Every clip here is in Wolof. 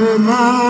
ma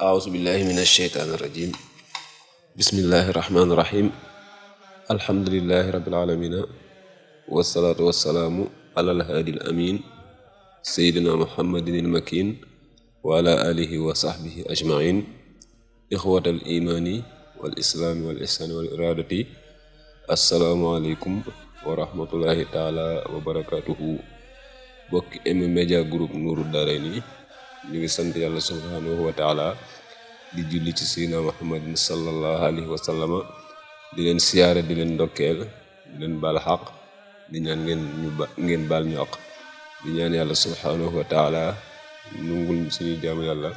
aousubillahi min alsheytaani irajim bismillahi irrahmani irrahim alhamdulilahi rabilalamina wasalaatu wasalaamu ala alhaadi al amin seydina muhammadin ilmakin wa ala alihi wa sahbihi ajmain ixwat al imaani wal islaami wal ihsaani wal iraadati asalaamualeykum wa rahmatullahi taala wa barakatuhu bokk M Media Group Nourou Darayni ñu ngi sant yàlla subhaanahu wa di julli ci sayyidina muhammadin sallallahu alayhi wa di leen siyaare di leen ndokkeel di leen baal xaq di ñaan ngeen ba ngeen baal ñu àq di ñaan yàlla subhaanahu wa taala nungul suñu jaamu yàlla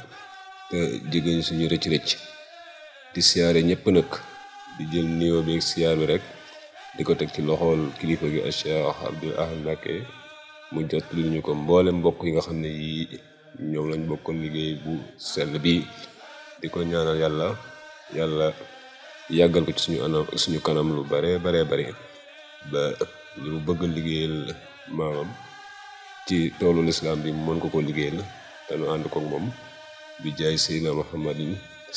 te jéggañ suñu rëcc-rëcc di siyaare ñëpp nag di jël nuyoo bi siyaar bi rek di ko teg ci loxool kilifa gi Cheikh Abdoul Ahad Mbacké mu jot lu ñu ko mboole mbokk yi nga xam ne yii ñoom lañ bokkoon liggéey bu sell bi di ko ñaanal yàlla yàlla yàggal ko ci suñu suñu kanam lu bare bare bare ba lu mu bëgg liggéeyal maamam ci toolu lislaam bi mën ko ko liggéeyal te nu ànd koog moom bi jaay seydina muhammadin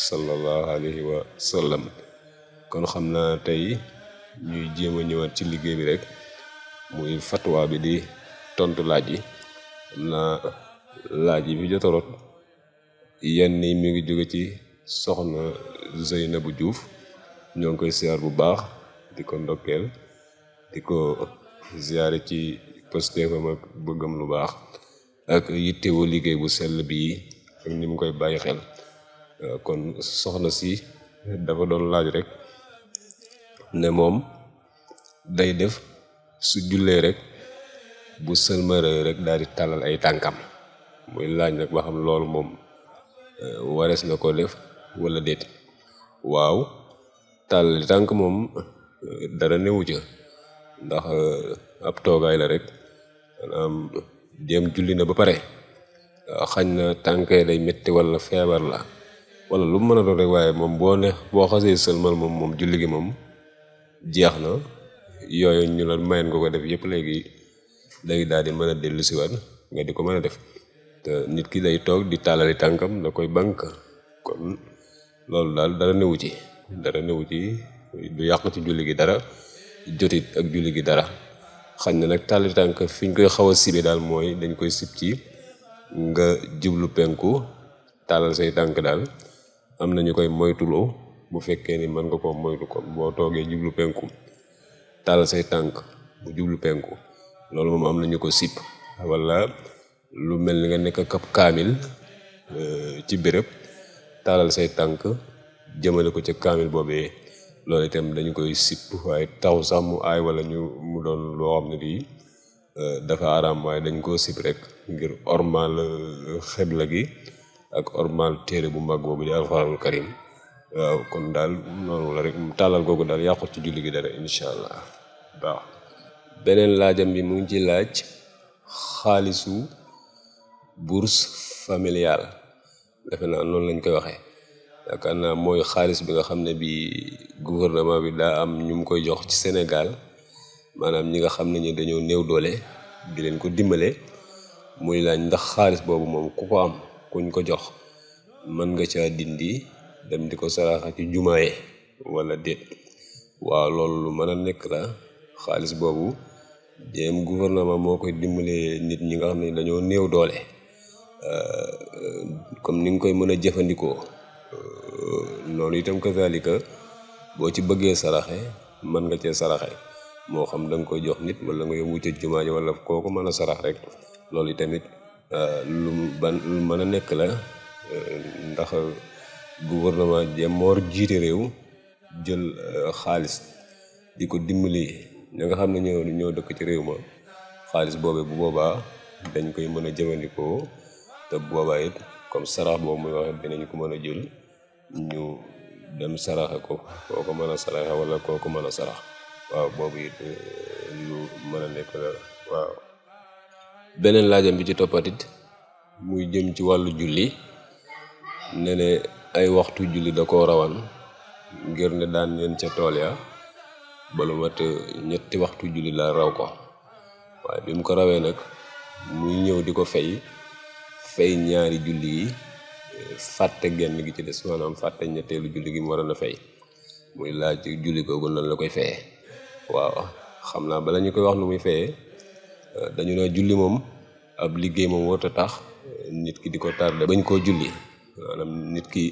sallallahu alayhi wa sallam kon xam naa tey ñuy jéem ñëwaat ci liggéey bi rek muy fatwa bi di tontu laaj yi am laaj yi fi jotoroot yenn yi mi ngi jóge ci soxna bu juuf ñoo ngi koy siyaar bu baax di ko ndokkeel di ko ziyaare ci postéefam ak bëggam lu baax ak yittewoo liggéey bu sell bi ak ni mu koy bàyyi xel euh, kon soxna si dafa doon laaj rek ne moom day def su jullee rek bu sëlmëree rek daal di tàllal ay tànkam muy laaj nag ba xam loolu moom euh, warees na ko def wala déet waaw tàll tànk moom euh, dara newu ca ndax euh, ab toogaay la rek maanaam dem julli na ba pare xañ na tànkee day metti wala feebar la wala lu mën a doon rek waaye moom boo ne boo xasee sëlmal moom moom julli gi moom jeex na yooyu ñu la mayen nga ko def yëpp léegi day daal di mën a dellusiwaat nga di ko mën a def nit ki day toog di taalali tànkam da koy bànk kon loolu daal dara newu ci dara newu ci du yàq ci julli gi dara jotit ak julli gi dara xam na nag taalali tànk fi ñu koy xaw a sibe daal mooy dañ koy sib ci nga jublu penku taalal say tànk daal am na koy moytuloo bu fekkee ni mën nga ko moytu boo toogee jublu penku taalal say tànk bu jublu penku loolu moom am na ñu ko sib wala lu mel ni nga nekk kap kaamil euh, ci béréb taalal say tànk jëmane ko ci kaamil boobee loolu itam dañu koy sipp waaye taw sax mu aay wala ñu mu doon loo xam ne lii euh, dafa araam waaye dañ koo sip rek ngir ormal euh, xebla gi ak ormal téere bu mag boobu di alxuraanul karim waaw kon daal noonu la rek taalal googu daal yàqut ci julli gi dara incha allah beneen laajam bi mu ngi ci laaj xaalisu bourse familiale defe naa loolu lañ koy waxee yaakaar naa mooy xaalis bi nga xam ne bi gouvernement bi daa am ñu mu koy jox ci Sénégal maanaam ñi nga xam ne ñi dañoo néew doole di leen ko dimbale muy laaj ndax xaalis boobu moom ku ko am kuñ ko jox mën nga caa dindi dem di ko saraxa ci jumaaye wala déet waaw loolu lu mën a nekk la xaalis boobu jéem gouvernement moo koy dimbalee nit ñi nga xam ne dañoo néew doole Euh, comme ni nga koy mën a jëfandikoo euh, loolu itam kazalika boo ci bëggee saraxe mën nga cee saraxe moo xam da koy jox nit wala nga yóbbu ca jumaa ji wala kooku mën a sarax rek loolu tamit euh, lu ban lu mën a nekk la ndax gouvernement jëm moor jiite réew jël xaalis di ko dimbali ña nga xam ne ñoo ñoo dëkk ci réew ma xaalis boobee bu boobaa dañ koy mën a jëfandikoo te boobaa it comme sarax boobu muy waxee dinañ ko mën a jël ñu dem saraxe ko a saraxe waaw boobu euh, laajam bi ci toppatit muy ci wàllu julli ne ay waxtu julli da ko rawan ngir ne daan leen ca tool ya balu mat euh, ñetti waxtu julli la raw ko waaye bi mu ko rawee nag muy ñëw di ko fay fey ñaari julli yi fàtte genn gi ci des maanaam fàtte ñetteelu julli gi mu waroon a fay muy laaj ci julli googu nan la koy fayee waaw xam naa bala ñu koy wax nu muy fayee dañu ne julli moom ab liggéey moom warut a tax nit ki di ko tardé bañ koo julli maanaam nit ki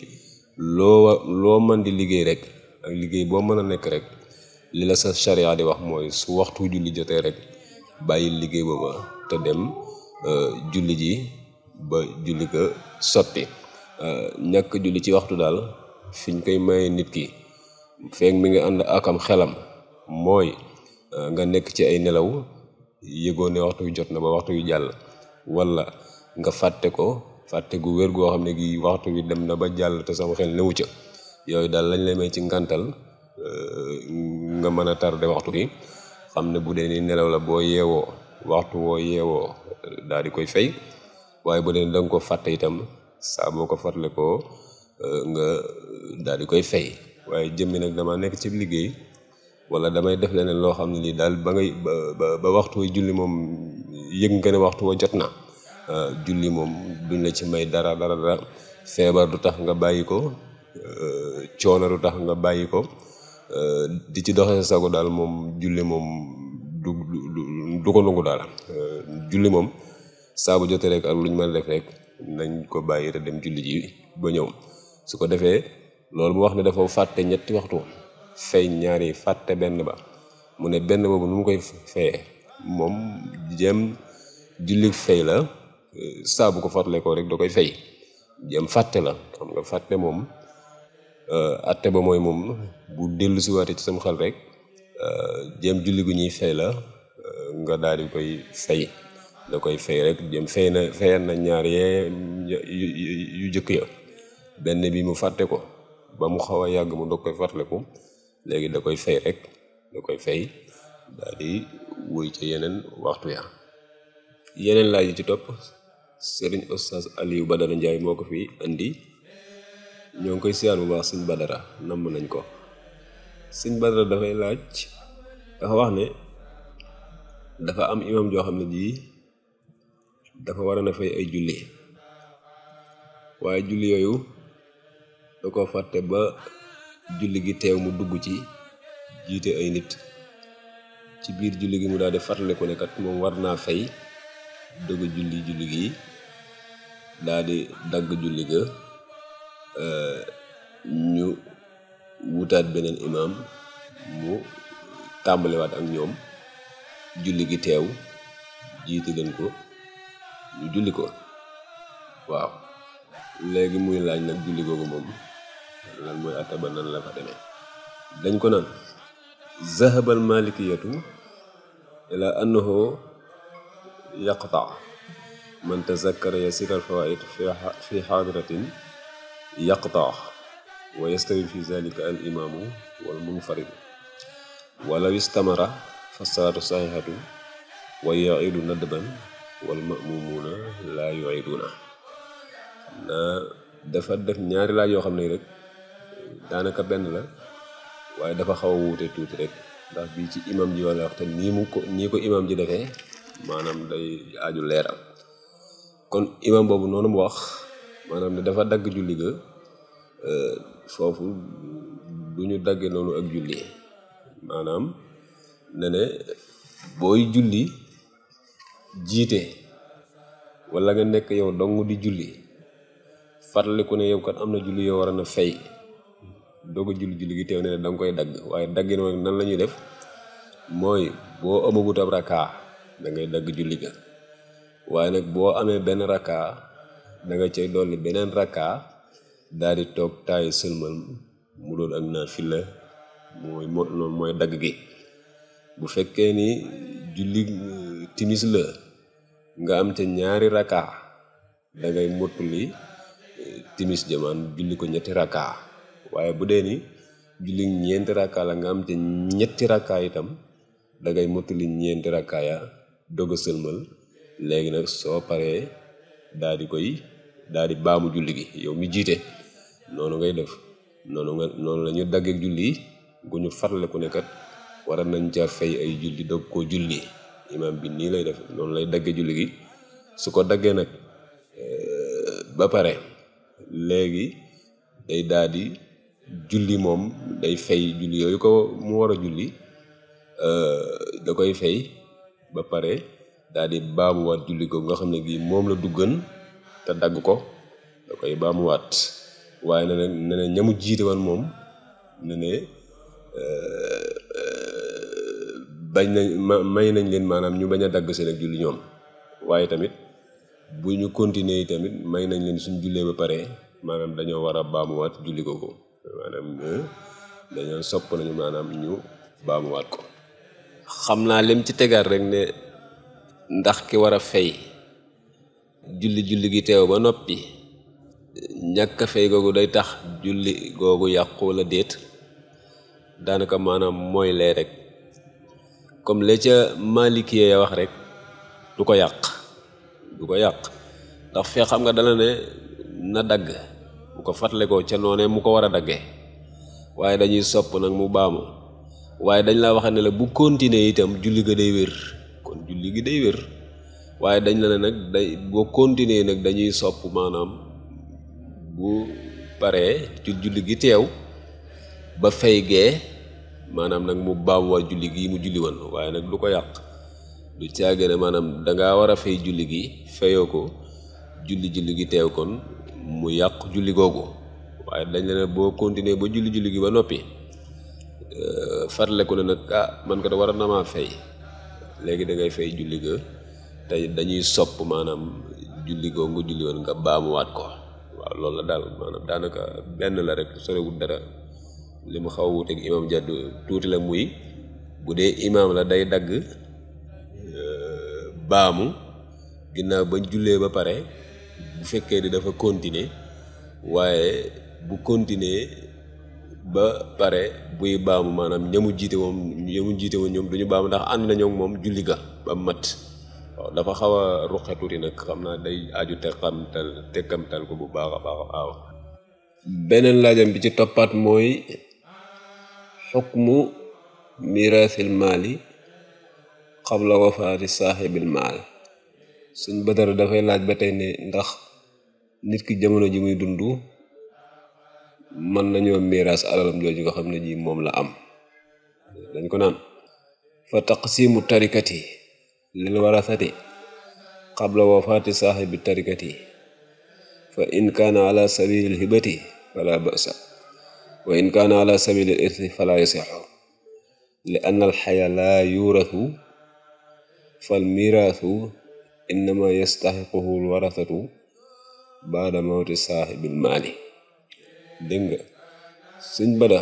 loo loo mën di liggéey rek ak liggéey boo mën a nekk rek li la sa charia di wax mooy su waxtu julli jotee rek bàyyi liggéey booba te dem julli ji ba julli ko sotti euh, ñàkk julli ci waxtu daal fiñ koy maye nit ki feeg mi nga ànd akam xelam mooy euh, nga nekk ci ay nelaw yëgoo ne waxtu wi jot na ba waxtu wi jàll wala nga fàtte ko fàtte gu wér goo xam ne gi waxtu wi dem na ba jàll te sama xel newu ca yooyu daal lañ lay may ci ngàntal euh, nga mën a tarde waxtu bi xam ne bu dee ni nelaw la boo yeewoo waxtu woo yeewoo daal di koy fay waaye bu dee da nga ko fàtte itam saa ko fàttale koo euh, nga daal di koy fay waaye jëmmi nag dama nekk ci liggéey wala damay def leneen loo xam ne lii daal ba ngay ba waxtu wa julli moom yëg nga ne waxtu wa jot na euh, julli moom duñ la ci may dara dara dara du tax nga bàyyi ko euh, coono tax nga bàyyi ko di ci doxee sago daal moom julli moom du du ko daal julli moom saa jotee rek ak lu ñu mën a def rek nañ ko bàyyi rek dem julli ji ba ñëw su ko defee loolu mu wax ne dafa fàtte ñetti waxtu fay ñaari fàtte benn ba mu ne benn boobu nu mu koy feye moom jëm julli fay la saa ko fàttalee ko rek da koy fay jëm fàtte la xam nga fàtte moom euh, atte ba mooy moom bu dellu si waate ci sam xel rek euh, jëm julli gu ñuy fay la euh, nga daal di koy fay da koy fay rek jëm fay na fayal na ñaar yee yu jëkk ya benn bi mu fàtte ko ba mu xaw a yàgg mu doog koy fàttaliku léegi da koy fay rek da koy fay daal di ca yeneen waxtu ya yeneen laaj yi ci topp sëriñ Oustaz Aliou Badara Ndiaye moo ko fi indi ñoo ngi koy siyaan bu baax sëñ Badara namm nañ ko sëñ Badara dafay laaj dafa wax ne dafa am imam joo ne jii dafa waroon a ay julli waaye julli yooyu da ko fàtte ba julli gi teew mu dugg ci jiite ay nit ci biir julli gi mu daal di fàttaliku ne moom war naa fay dëgg julli julli gi daal di dagg julli ga eh, ñu wutaat beneen imaam mu tàmbaliwaat ak ñoom julli gi teew jiite leen ko ñu julli léegi muy laaj nag julli googu moom lan mooy ataba la fa demee dañ ko naan zahabal malikiyatu ila annahu yaqta man tazakkara yasiral fawaid fi xaadiratin yaqta wa yastawi fi zalika al wal munfarid walaw istamara fa salaatu saxiixatu wa yaidu nadban wal ma'mumuuna laa yu'iduuna xam naa dafa def ñaari laaj yoo xam ne rek daanaka benn la waaye dafa xaw a wuute tuuti rek ndax bii ci imam ji wala wax nii mu ko nii ko imam ji defee maanaam day aju leeral kon imam boobu noonu mu wax maanaam ne dafa dagg julli ga e, foofu du ñu dagge noonu ak julli maanaam ne ne booy julli jiite wala nga nekk yow dong di julli fàttaliku ne yow kon am na julli yow waroon a fay doog a julli julli gi teew ne ne da koy dagg waaye nan la ñuy def mooy dagg julli ga nag boo amee benn rakkaa da nga cay dolli beneen rakkaa daal di toog taayi sëlmal mu doon ak naafila mooy mo loolu mooy dagg gi bu fekkee ni julli timis la nga am ca ñaari rakaa dangay ngay mottuli timis jamaan julli ko ñetti rakaa waaye bu dee ni julli ñeenti rakaa la nga am ca ñetti rakaa itam dangay ngay mottuli ñeenti rakaa ya doog a sëlmal léegi nag soo paree daal di koy daal di baamu julli gi yow mi jiite noonu ngay def noonu nga noonu la ñu daggeeg julli gu ñu farle ku ne wara nañ ca fay ay julli dog koo julli imaam bi nii lay def noonu lay dagge julli gi su ko daggee nag eh, ba pare léegi day daal di julli moom day fay julli yooyu ko mu war a julli eh, da koy fay ba pare daal di baamuwaat julli ko nga xam ne gii moom la duggan te dagg ko da koy baamuwaat waaye ne ñamu jiite woon moom ne ne eh, bañ nañ may nañ leen maanaam ñu bañ a dagg seen ak julli ñoom waaye tamit bu ñu continuer yi tamit may nañ leen suñ jullee ba pare maanaam dañoo war a baamuwaat julli googu maanaam dañoo sopp nañu maanaam ñu baamuwaat ko xam naa lim ci tegaat rek ne ndax ki war a fay julli julli gi teew ba noppi ñàkk fay googu day tax julli googu yàqu la déet daanaka maanaam mooy lee rek comme la ca maliki ya wax rek du ko yàq du ko yàq ndax fee xam nga dala ne na dagg bu ko fàttale ko ca noonee mu ko war a dagge waaye dañuy sopp nag mu baamu waaye dañ la wax ne la bu continuer itam julli ga day wér kon julli gi day wér waaye dañ la ne nag day boo continuer nag dañuy sopp maanaam bu paree julli gi teew ba fay gee maanaam nag mu baawwaa julli gi mu julli woon waaye nag du ko yàq lu du caagéene maanaam dangaa war a fay julli gi feyoo ko julli julli gi teew kon mu yàq julli googu waaye dañ la boo continuer ba julli julli gi ba noppi euh, farle ko ne nag ah man ko da war a namaa fay léegi da ngay fay julli ga te dañuy sopp maanaam julli googu julli woon nga baamuwaat ko waaw loolu la daal maanaam daanaka benn la rek sorewul dara li mu xaw a wuuteeg imaam jàdd tuuti la muy bu dee imaam la day dagg euh, baamu ginnaaw ba jullee ba pare bu fekkee di dafa continuer waaye bu continuer ba pare buy baamu maanaam ñamu jiite woon ñamu jiite woon ñoom duñu baamu ndax ànd nañoo moom julli ga ba mat waaw dafa xaw a ruqe tuuti nag xam naa day aju tekkamtal tekkamtal ko bu baax a baax beneen laajam bi ci toppaat mooy xukmu miraasil maali xabla wafaati saaxibil maal suñ bëtër dafay laaj ba tey ne ndax nit ki jamono ji muy dund mën nañoo miraas alalam jooju nga xam ne ji moom la am dañ ko naan fa taqsimu tarikati lil warasati qabla wafaati saaxibi tarikati fa in kaana ala sabilil hibati fala wa in kaana ala sabili al irthi li anna al laa yurathu fal miraathu innama yastaxiquhu al warasatu baada mawti saaxibil maali dégg nga sëñ bada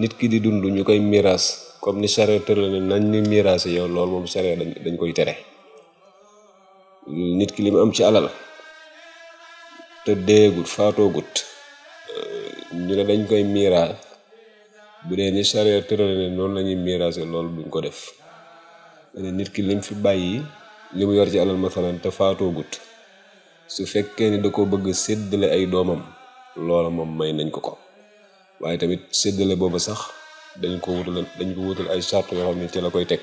nit ki di dund ñu koy miraas comme ni charia tëral nañ ni miraase yow loolu moom charia dañ koy tere nit ki li mu am ci alal te deegut faatoogut ñu ne dañ koy miiraas bu dee ni charia tërale noonu lañuy ñuy miiraase loolu buñ ko def ne nit ki lim fi bàyyi li mu yor ci alal masalan te faatoogut su fekkee ni da ko bëgg séddale ay doomam loola moom may nañ ko ko waaye tamit séddale boobu sax dañ ko wutal dañ ko ay charte yoo xam ne la koy teg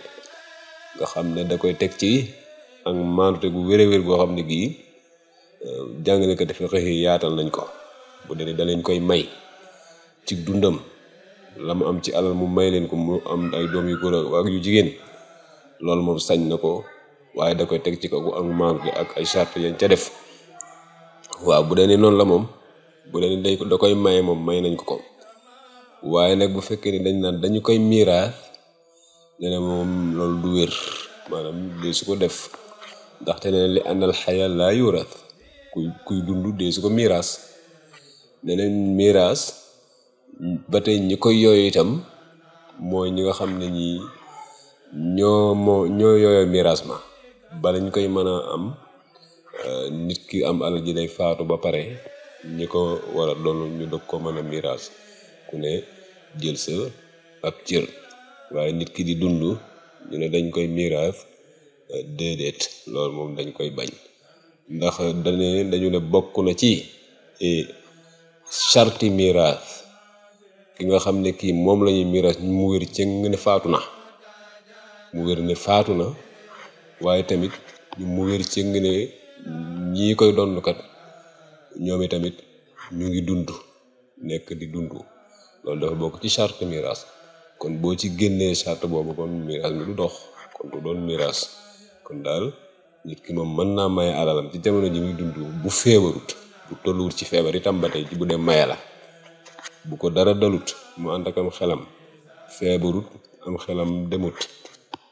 nga xam ne da koy teg ci ak maanute gu wér-wér goo xam ne gii eh, jàngale ko defe xëy yaatal nañ ko bu dee da leen koy may ci dundam la mu am ci alal mu may leen ko mu am ay doom yu góor ak yu jigéen loolu moom sañ na ko waaye da koy teg ci ko ak maam gi ak ay charte yañ ca def waa bu dee ni noonu la moom bu dee ni dañ ko da koy maye moom may nañ ko ko waaye nag bu fekkee ni dañ naan dañu koy miraas ne ne loolu du wér maanaam def ndaxte ne li àndal xaya laa miraas ne miraas ba tey ñi koy yooyu itam mooy ñi nga xam ne ñi ñoo moo ñoo yooyoo miraas ma bala ñu koy mën a am euh, nit ki am alal ji day faatu ba pare ñi ko wara a ñu dog ko mën a miraas ku ne jël sa ab cër waaye nit ki di dund ñu ne dañ koy miraas euh, déedéet loolu moom dañ koy bañ ndax dañu dañu ne bokk na ci sarti eh, miraas ki nga xam ne kii moom lañuy ñuy miraas mu wér cëng ne faatu na mu wér ne faatu na waaye tamit mu wér cëng ne ñii koy dondukat ñoom i tamit ñu ngi dund nekk di dund loolu dafa bokk ci charte miraas kon boo ci génnee charte boobu kon miraas mi du dox kon du doon miraas kon daal nit ki moom mën naa maye alalam ci jamono ji muy dund bu feebarut bu tolluwut ci feebar itam ba tey bu dee maye la bu ko dara dalut mu ànd am xelam feebarut am xelam demut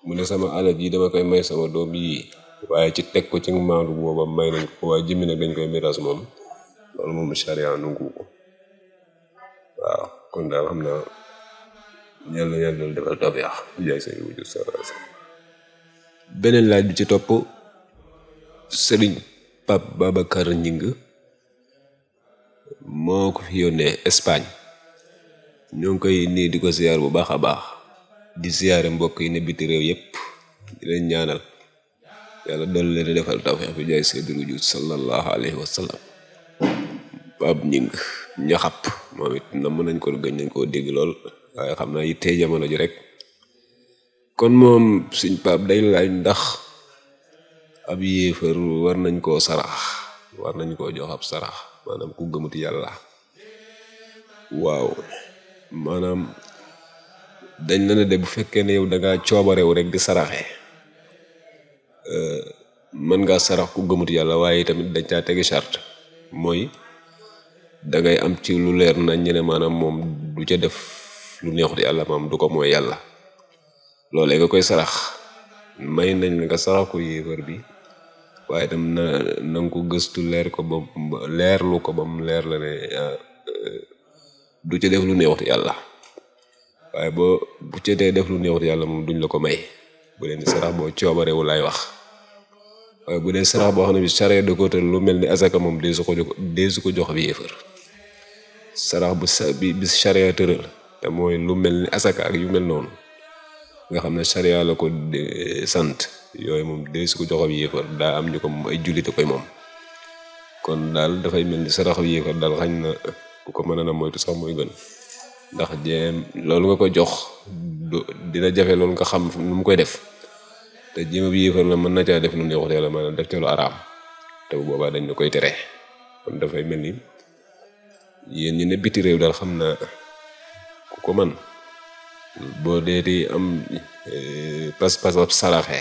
mu ne sama alal yi dama koy may sama doom yii waaye ci teg ko ci maandu booba may nañ ko jëmmi nag moom loolu moom charia nangu ko waaw kon daal xam naa yàlla yàlla defal tawfeex jaay seen beneen laaj bi ci topp sëriñ Pape Babacar Gningue moo ko fi yónnee Espagne ñoo koy nii di ko siyaar bu baax a baax di siyaare mbokk yi ne biti réew yépp di leen ñaanal yàlla dool leen di defal tawfeex bi jaay sayyidul wujuud sallallahu alayhi wa sallam Pape Gningue ñaxap moom it na mën nañ ko gëñ nañ koo dégg lool waaye xam naa yittee jamono ji rek kon moom suñ Pape day laaj ndax ab yéefar war nañ koo sarax war nañ koo jox ab sarax maanaam ku gëmuti yàlla waaw maanaam dañ la ne de bu fekkee ne yow da ngaa rek di saraxe euh, mën ngaa sarax ku gëmut yàlla waaye tamit dañ caa tegi charte mooy dangay am ci lu leer nañ ñu ne maanaam moom du ca def lu neexut yàlla maam du ko mooy yàlla loolee nga koy sarax may nañ la nga sarax ko yéefar bi waaye tam na na ko gëstu leer ko ba ko ba mu leer la ne ah, du ca def lu neexut yàlla waaye boo bu ca dee def lu neexut yàlla moom duñ la ko may bu dee ni sarax boo coobarewu lay wax waaye bu dee sarax boo xam ne bi saree da ko tëral lu mel ni asaka moom dee su ko jox su ko jox bi sarax bu sa bi bi saree lu mel ni asaka ak yu mel noonu nga xam ne sariya ko sant yooyu moom dee su ko joxab yéefar daa am ñu ko moom ay jullit koy moom kon daal dafay mel ni saraxab yéefar daal xañ na ku ko mën a moytu sax mooy gën ndax jéem loolu nga ko jox dina jafe loolu nga xam nu mu koy def te jéem bi yéefar la mën na caa def lu neexut ma maanaam def ca lu araam te bu boobaa dañ la koy tere kon dafay mel ni yéen ñi ne biti réew daal xam na ku ko man boo dee di am eh, pas-pas ab saraxe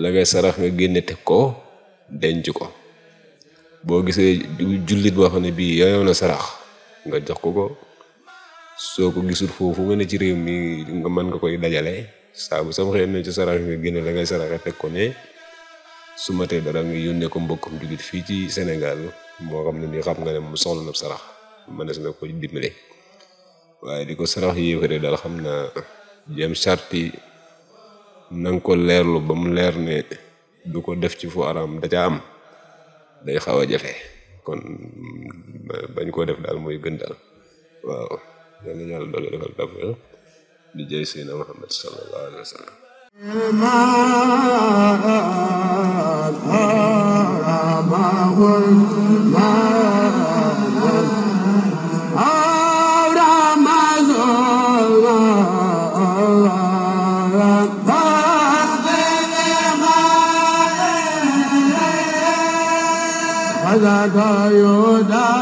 la ngay sarax nga génne teg ko denc ko boo gisee jullit boo xam ne bii yayoo na sarax nga jox ko ko soo ko gisul foofu nga ne ci réew mi nga mën nga koy dajale saabu bu sama xëy na ci sarax nga génne la ngay saraxe teg ko ne su ma dara nga yónnee ko mbokkam jullit fii ci Sénégal moo xam ne nii xam nga ne mu soxla na sarax mënees na ko dimbale waaye di ko sarax yéefare daal xam naa jëm sarti na nga ko leerlu ba mu leer ne du ko def ci fu araam da am day xaw a jafe kon bañ koo def daal mooy gën daal waaw yal na yàlla doole defal taw di jëy Seydina Muhammad sallallahu wa sallam daa